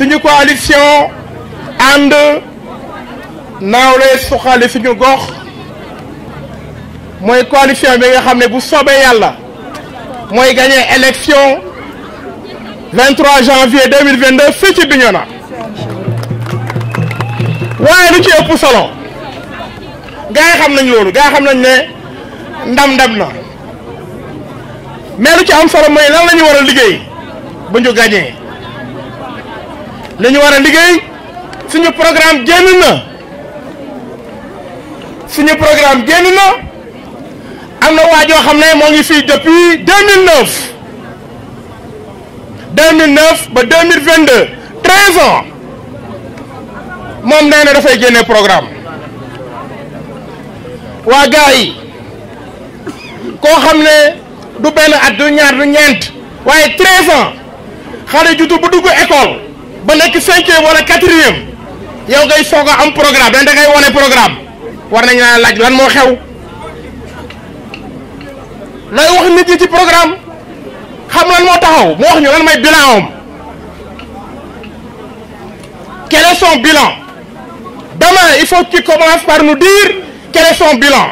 suñu coalition ànd naawle suqali suñu gox moy coalition bi nga xamné bu sobé yalla moy gagné élection 23 janvier 2022 fii ci Bignona waaye lu ci ëpp solo gaa yi xam nañ loolu gaa xam nañ ne ndam ndam na mais lu ci am solo moy lan lañu ñu war a liggéey li ñu war a liggéey suñu programme génn na suñu programme génn na am na waa joo xam ne moo ngi fii depuis 2009 2009 ba 2022 treize ans moom nee na dafay génne programme waa gars koo xam ne du benn at du ñaar du ñeent waaye treize ans xale jutu bu dugg école ba 5e wala quatrième yow ngay soga am programme da ngay woné programme war nañ la laaj lan mo xew lay wax nit ñi ci programme xam lan mo taxaw mo wax ñu lan may bilan am quel est son bilan demain il faut qu'il commence par nous dire quel est son bilan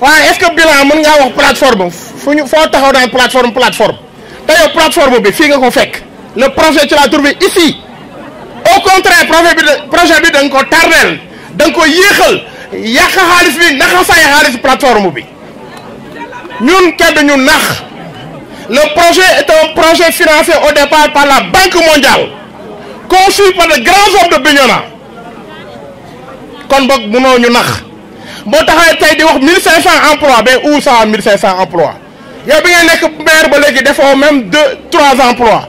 waaye est-ce que bilan mën nga wax plateforme fo taxaw dans plateforme plateforme tayo plateforme bi fi nga ko fekk le projet tu l'as trouvé ici au contraire le projet est un nga ko tardeel da nga ko yéexal yàq xaalis bi naxa plateforme bi ñun kenn le projet est un projet financé au départ par la Banque mondiale conçu par de grands hommes de Bignona kon boog mënoo ñu nax boo taxawee di wax 1500 emplois mais où ça 1500 emplois yow bi ngay nekk maire ba léegi defoo même deux 3 emplois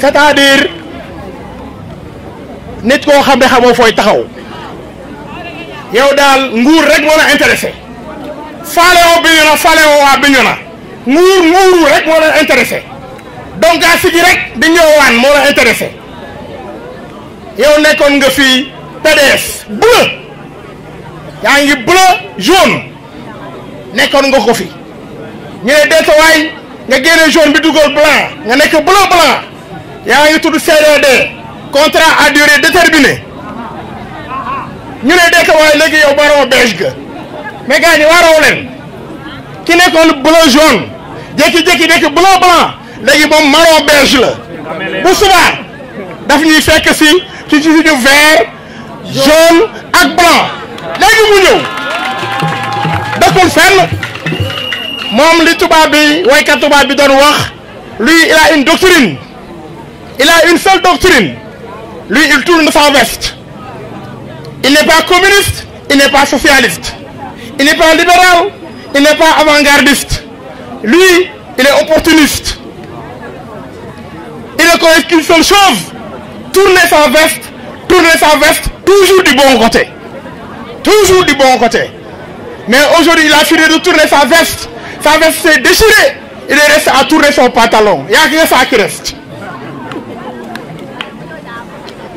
c'est-à-dire nit ko xambe ne xamoo taxaw yow dal nguur rek mo la intéressé faale woo bi na faale woo waa na nguur nguur rek mo la intéressé donc a sigi rek di ñëwaan mo la intéressé yow nekkon nga fi PDS bleu yaa ngi bleu jaune nekkon nga ko fi ñu ne deetawaay nga gëné jaune bi dugal blanc nga nekk bleu blanc yaa ngi tudd CDD contrat à durée déterminée ñu ne dekk waaye léegi yow baroo beige ga mais gars ñi ki nekkoon bleu jaune jékki-jékki nekk bleu blanc léegi moom marron beige la bu subaa daf ñuy fekk si ci ci suñu vert jaune ak blanc léegi mu ñëw dëkkul fenn moom li tubaab bi waykat tubaab bi doon wax lui il a une doctrine Il a une seule doctrine. Lui, il tourne sa veste. Il n'est pas communiste, il n'est pas socialiste. Il n'est pas libéral, il n'est pas avant-gardiste. Lui, il est opportuniste. Il ne connaît qu'une seule chose. Tourner sa veste, tourner sa veste, toujours du bon côté. Toujours du bon côté. Mais aujourd'hui, il a fini de tourner sa veste. Sa veste s'est déchirée. Il reste à tourner son pantalon. Il n'y a que ça qui reste.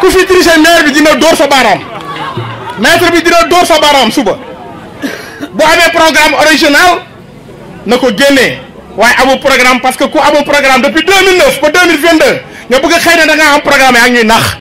ku fi tricher bi dina door sa baaraam maître bi dina door sa baaraam suba bu amee programme original na ko génnee waaye amul programme parce que ku amul programme depuis 2009 ba 2022 nga bëgg a xëy na da ngaa am programme yaa ngi nax.